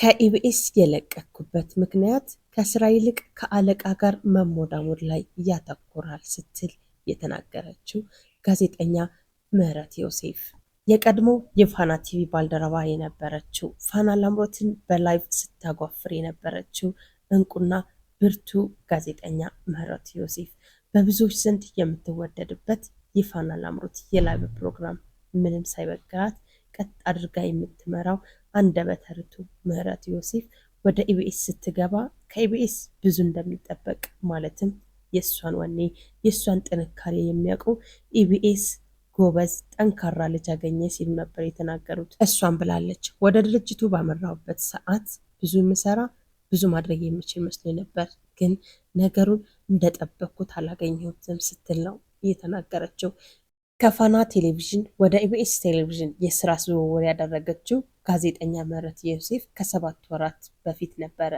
ከኢቢኤስ የለቀኩበት ምክንያት ከስራ ይልቅ ከአለቃ ጋር መሞዳሞድ ላይ ያተኩራል ስትል የተናገረችው ጋዜጠኛ ምህረት ዮሴፍ የቀድሞ የፋና ቲቪ ባልደረባ የነበረችው ፋና ላምሮትን በላይቭ ስታጓፍር የነበረችው እንቁና ብርቱ ጋዜጠኛ ምህረት ዮሴፍ በብዙዎች ዘንድ የምትወደድበት የፋና ላምሮት የላይቭ ፕሮግራም ምንም ሳይበግራት ቀጥ አድርጋ የምትመራው አንደበተ ርቱዕ ምህረት ዮሴፍ ወደ ኢቢኤስ ስትገባ ከኢቢኤስ ብዙ እንደሚጠበቅ ማለትም የእሷን ወኔ የእሷን ጥንካሬ የሚያውቁ ኢቢኤስ ጎበዝ ጠንካራ ልጅ አገኘ ሲሉ ነበር የተናገሩት። እሷን ብላለች፣ ወደ ድርጅቱ ባመራሁበት ሰዓት ብዙ የምሰራ ብዙ ማድረግ የሚችል መስሎ ነበር፣ ግን ነገሩን እንደጠበቅኩት አላገኘሁትም ስትል ነው እየተናገረችው። ከፋና ቴሌቪዥን ወደ ኢቢኤስ ቴሌቪዥን የስራ ዝውውር ያደረገችው ጋዜጠኛ ምህረት ዮሴፍ ከሰባት ወራት በፊት ነበረ።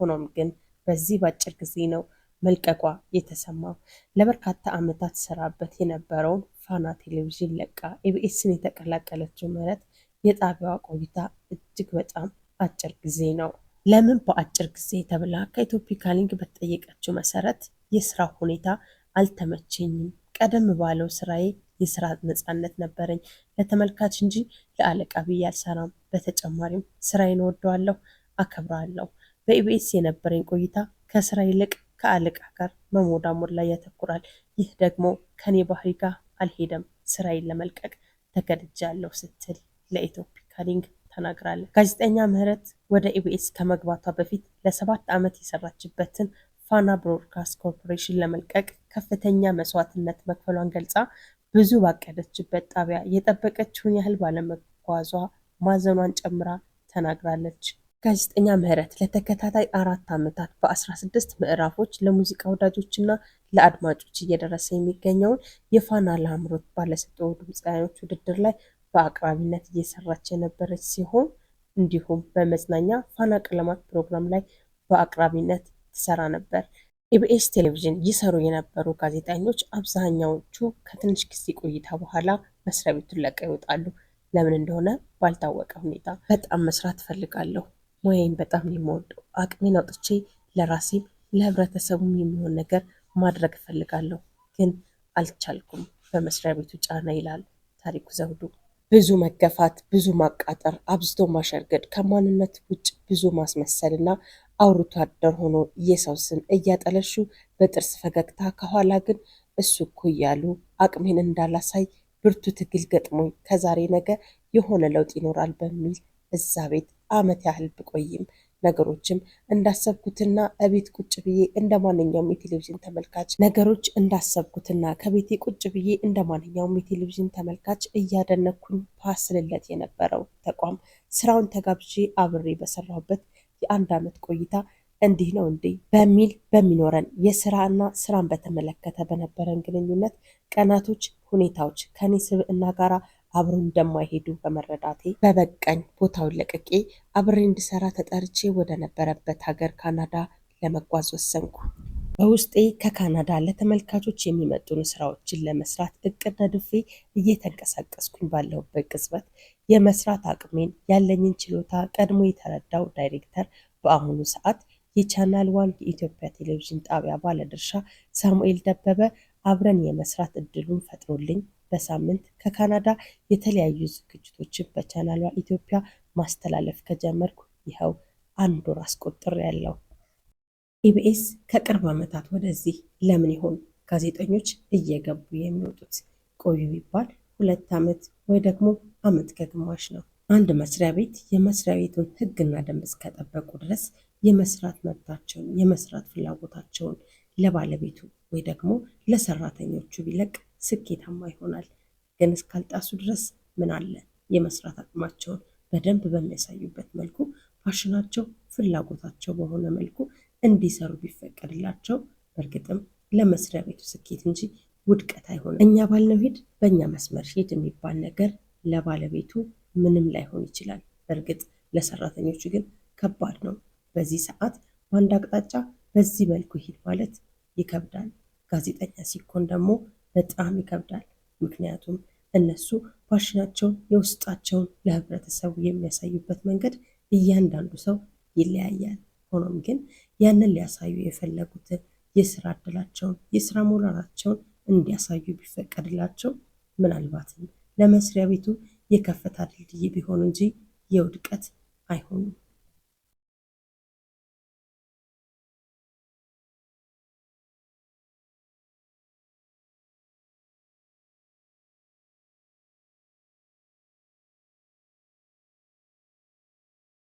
ሆኖም ግን በዚህ በአጭር ጊዜ ነው መልቀቋ የተሰማው። ለበርካታ ዓመታት ሰራበት የነበረውን ፋና ቴሌቪዥን ለቃ ኢቢኤስን የተቀላቀለችው ምህረት የጣቢያዋ ቆይታ እጅግ በጣም አጭር ጊዜ ነው። ለምን በአጭር ጊዜ ተብላ ከኢትዮፒካ በተጠየቀችው መሰረት የስራ ሁኔታ አልተመቸኝም፣ ቀደም ባለው ስራዬ የስራ ነፃነት ነበረኝ። ለተመልካች እንጂ ለአለቃ ብዬ አልሰራም። በተጨማሪም ስራዬን እወደዋለሁ፣ አከብረዋለሁ። በኢቢኤስ የነበረኝ ቆይታ ከስራ ይልቅ ከአለቃ ጋር መሞዳሞድ ላይ ያተኩራል። ይህ ደግሞ ከኔ ባህሪ ጋር አልሄደም። ስራዬን ለመልቀቅ ተገድጃለሁ ስትል ለኢትዮፒካሊንግ ተናግራለች። ጋዜጠኛ ምህረት ወደ ኢቢኤስ ከመግባቷ በፊት ለሰባት ዓመት የሰራችበትን ፋና ብሮድካስት ኮርፖሬሽን ለመልቀቅ ከፍተኛ መስዋዕትነት መክፈሏን ገልጻ ብዙ ባቀደችበት ጣቢያ የጠበቀችውን ያህል ባለመጓዟ ማዘኗን ጨምራ ተናግራለች። ጋዜጠኛ ምህረት ለተከታታይ አራት ዓመታት በ16 ምዕራፎች ለሙዚቃ ወዳጆችና ለአድማጮች እየደረሰ የሚገኘውን የፋና ላምሮት ባለሰጠው ድምፃውያኖች ውድድር ላይ በአቅራቢነት እየሰራች የነበረች ሲሆን እንዲሁም በመዝናኛ ፋና ቀለማት ፕሮግራም ላይ በአቅራቢነት ትሰራ ነበር። ኢቢኤስ ቴሌቪዥን ይሰሩ የነበሩ ጋዜጠኞች አብዛኛዎቹ ከትንሽ ጊዜ ቆይታ በኋላ መስሪያ ቤቱን ለቀው ይወጣሉ። ለምን እንደሆነ ባልታወቀ ሁኔታ። በጣም መስራት እፈልጋለሁ፣ ሙያዬን በጣም የምወደው፣ አቅሜን አውጥቼ ለራሴም ለህብረተሰቡም የሚሆን ነገር ማድረግ እፈልጋለሁ፣ ግን አልቻልኩም በመስሪያ ቤቱ ጫና ይላል ታሪኩ ዘውዱ። ብዙ መገፋት፣ ብዙ ማቃጠር፣ አብዝቶ ማሸርገድ፣ ከማንነት ውጭ ብዙ ማስመሰል እና አውርቶ አደር ሆኖ የሰው ስም እያጠለሹ በጥርስ ፈገግታ ከኋላ ግን እሱ እኮ እያሉ አቅሜን እንዳላሳይ ብርቱ ትግል ገጥሞኝ ከዛሬ ነገ የሆነ ለውጥ ይኖራል በሚል እዛ ቤት አመት ያህል ብቆይም ነገሮችም እንዳሰብኩትና እቤት ቁጭ ብዬ እንደ ማንኛውም የቴሌቪዥን ተመልካች ነገሮች እንዳሰብኩትና ከቤቴ ቁጭ ብዬ እንደ ማንኛውም የቴሌቪዥን ተመልካች እያደነኩኝ ፋስልለት የነበረው ተቋም ስራውን ተጋብዤ አብሬ በሰራሁበት የአንድ ዓመት ቆይታ እንዲህ ነው እንዲህ በሚል በሚኖረን የስራና ስራን በተመለከተ በነበረን ግንኙነት ቀናቶች፣ ሁኔታዎች ከኔ ስብዕና ጋራ አብሮ እንደማይሄዱ በመረዳቴ በበቀኝ ቦታውን ለቅቄ አብሬ እንድሰራ ተጠርቼ ወደ ነበረበት ሀገር ካናዳ ለመጓዝ ወሰንኩ። በውስጤ ከካናዳ ለተመልካቾች የሚመጡን ስራዎችን ለመስራት እቅድ ነድፌ እየተንቀሳቀስኩኝ ባለሁበት ቅጽበት የመስራት አቅሜን ያለኝን ችሎታ ቀድሞ የተረዳው ዳይሬክተር በአሁኑ ሰዓት የቻናል ዋን የኢትዮጵያ ቴሌቪዥን ጣቢያ ባለድርሻ ሳሙኤል ደበበ አብረን የመስራት እድሉን ፈጥሮልኝ በሳምንት ከካናዳ የተለያዩ ዝግጅቶችን በቻናሏ ኢትዮጵያ ማስተላለፍ ከጀመርኩ ይኸው ራስ ቁጥር ያለው ኢቢኤስ ከቅርብ ዓመታት ወደዚህ ለምን ይሆን ጋዜጠኞች እየገቡ የሚወጡት? ቆዩ ቢባል ሁለት ዓመት ወይ ደግሞ ዓመት ከግማሽ ነው። አንድ መስሪያ ቤት የመስሪያ ቤቱን ሕግና ደንብ እስከጠበቁ ድረስ የመስራት መብታቸውን የመስራት ፍላጎታቸውን ለባለቤቱ ወይ ደግሞ ለሰራተኞቹ ቢለቅ ስኬታማ ይሆናል። ግን እስካልጣሱ ድረስ ምን አለ የመስራት አቅማቸውን በደንብ በሚያሳዩበት መልኩ ፋሽናቸው ፍላጎታቸው በሆነ መልኩ እንዲሰሩ ቢፈቀድላቸው በእርግጥም ለመስሪያ ቤቱ ስኬት እንጂ ውድቀት አይሆንም። እኛ ባልነው ሂድ፣ በእኛ መስመር ሂድ የሚባል ነገር ለባለቤቱ ምንም ላይሆን ይችላል። በእርግጥ ለሰራተኞቹ ግን ከባድ ነው። በዚህ ሰዓት በአንድ አቅጣጫ በዚህ መልኩ ሂድ ማለት ይከብዳል። ጋዜጠኛ ሲኮን ደግሞ በጣም ይከብዳል። ምክንያቱም እነሱ ፋሽናቸውን የውስጣቸውን ለህብረተሰቡ የሚያሳዩበት መንገድ እያንዳንዱ ሰው ይለያያል። ሆኖም ግን ያንን ሊያሳዩ የፈለጉትን የስራ እድላቸውን፣ የስራ ሞራላቸውን እንዲያሳዩ ቢፈቀድላቸው ምናልባትም ለመስሪያ ቤቱ የከፍታ ድልድይ ቢሆኑ እንጂ የውድቀት አይሆኑም።